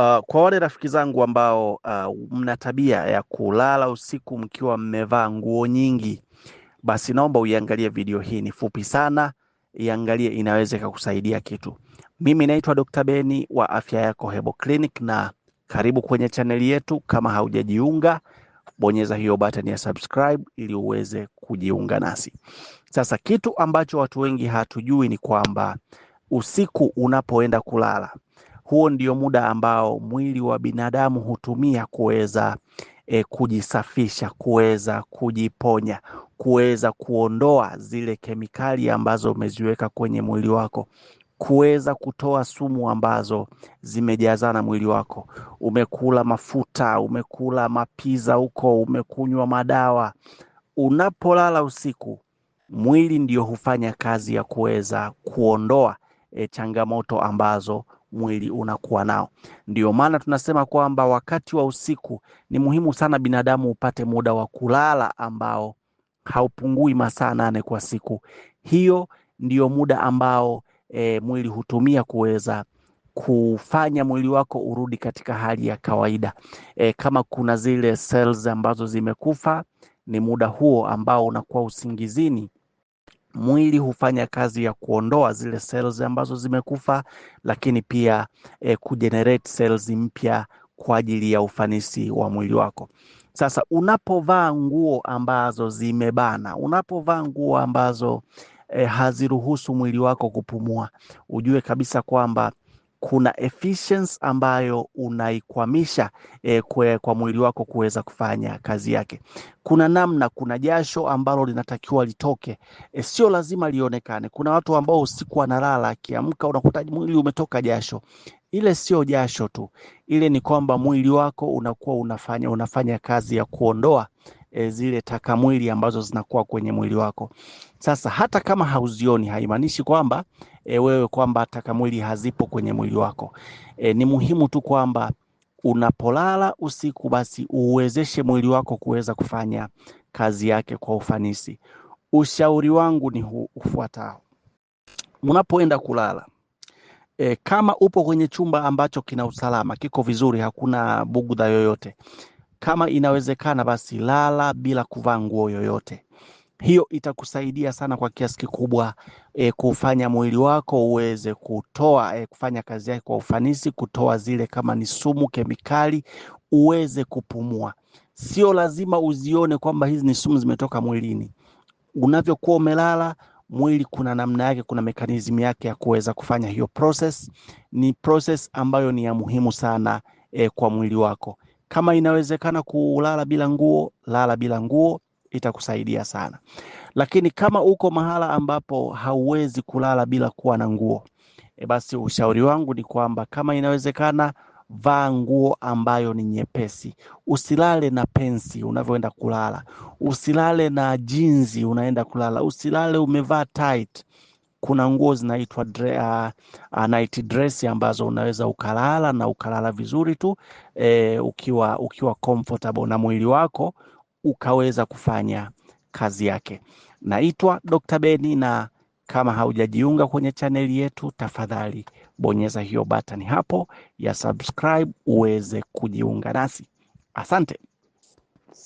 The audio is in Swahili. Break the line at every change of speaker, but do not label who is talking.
Uh, kwa wale rafiki zangu ambao uh, mna tabia ya kulala usiku mkiwa mmevaa nguo nyingi, basi naomba uiangalie video hii, ni fupi sana, iangalie, inaweza ikakusaidia kitu. Mimi naitwa Dr. Beni wa Afya Yako Hebo Clinic, na karibu kwenye chaneli yetu. Kama haujajiunga, bonyeza hiyo button ya subscribe ili uweze kujiunga nasi. Sasa kitu ambacho watu wengi hatujui ni kwamba usiku unapoenda kulala huo ndio muda ambao mwili wa binadamu hutumia kuweza e, kujisafisha, kuweza kujiponya, kuweza kuondoa zile kemikali ambazo umeziweka kwenye mwili wako kuweza kutoa sumu ambazo zimejazana mwili wako. Umekula mafuta, umekula mapiza huko, umekunywa madawa. Unapolala usiku, mwili ndio hufanya kazi ya kuweza kuondoa e, changamoto ambazo mwili unakuwa nao. ndio maana tunasema kwamba wakati wa usiku ni muhimu sana binadamu upate muda wa kulala ambao haupungui masaa nane kwa siku. Hiyo ndiyo muda ambao e, mwili hutumia kuweza kufanya mwili wako urudi katika hali ya kawaida. E, kama kuna zile cells ambazo zimekufa, ni muda huo ambao unakuwa usingizini mwili hufanya kazi ya kuondoa zile cells ambazo zimekufa, lakini pia e, eh, kujenerate cells mpya kwa ajili ya ufanisi wa mwili wako. Sasa unapovaa nguo ambazo zimebana, unapovaa nguo ambazo e, haziruhusu mwili wako kupumua, ujue kabisa kwamba kuna efficiency ambayo unaikwamisha e, kwe, kwa mwili wako kuweza kufanya kazi yake. Kuna namna, kuna jasho ambalo linatakiwa litoke e, sio lazima lionekane. Kuna watu ambao usiku wanalala, akiamka unakuta mwili umetoka jasho. Ile sio jasho tu, ile ni kwamba mwili wako unakuwa unafanya, unafanya kazi ya kuondoa E, zile taka mwili ambazo zinakuwa kwenye mwili wako. Sasa hata kama hauzioni haimaanishi kwamba e, wewe kwamba taka mwili hazipo kwenye mwili wako. E, ni muhimu tu kwamba unapolala usiku, basi uwezeshe mwili wako kuweza kufanya kazi yake kwa ufanisi. Ushauri wangu ni huu ufuatao: unapoenda kulala e, kama upo kwenye chumba ambacho kina usalama, kiko vizuri, hakuna bugudha yoyote, kama inawezekana, basi lala bila kuvaa nguo yoyote hiyo itakusaidia sana kwa kiasi kikubwa e, kufanya mwili wako uweze kutoa e, kufanya kazi yake kwa ufanisi, kutoa zile kama ni sumu, kemikali, uweze kupumua. Sio lazima uzione kwamba hizi ni sumu zimetoka mwilini. Unavyokuwa umelala mwili kuna namna yake, kuna mekanizm yake ya kuweza kufanya hiyo process. Ni process ambayo ni ya muhimu sana e, kwa mwili wako. Kama inawezekana kulala bila nguo, lala bila nguo itakusaidia sana. Lakini kama uko mahala ambapo hauwezi kulala bila kuwa na nguo e, basi ushauri wangu ni kwamba kama inawezekana, vaa nguo ambayo ni nyepesi. Usilale na pensi unavyoenda kulala, usilale na jinzi unaenda kulala, usilale umevaa tight. Kuna nguo zinaitwa uh, night dress ambazo unaweza ukalala na ukalala vizuri tu e, ukiwa, ukiwa comfortable na mwili wako ukaweza kufanya kazi yake. Naitwa Dr. Beni na kama haujajiunga kwenye chaneli yetu, tafadhali bonyeza hiyo batani hapo ya subscribe uweze kujiunga nasi. Asante.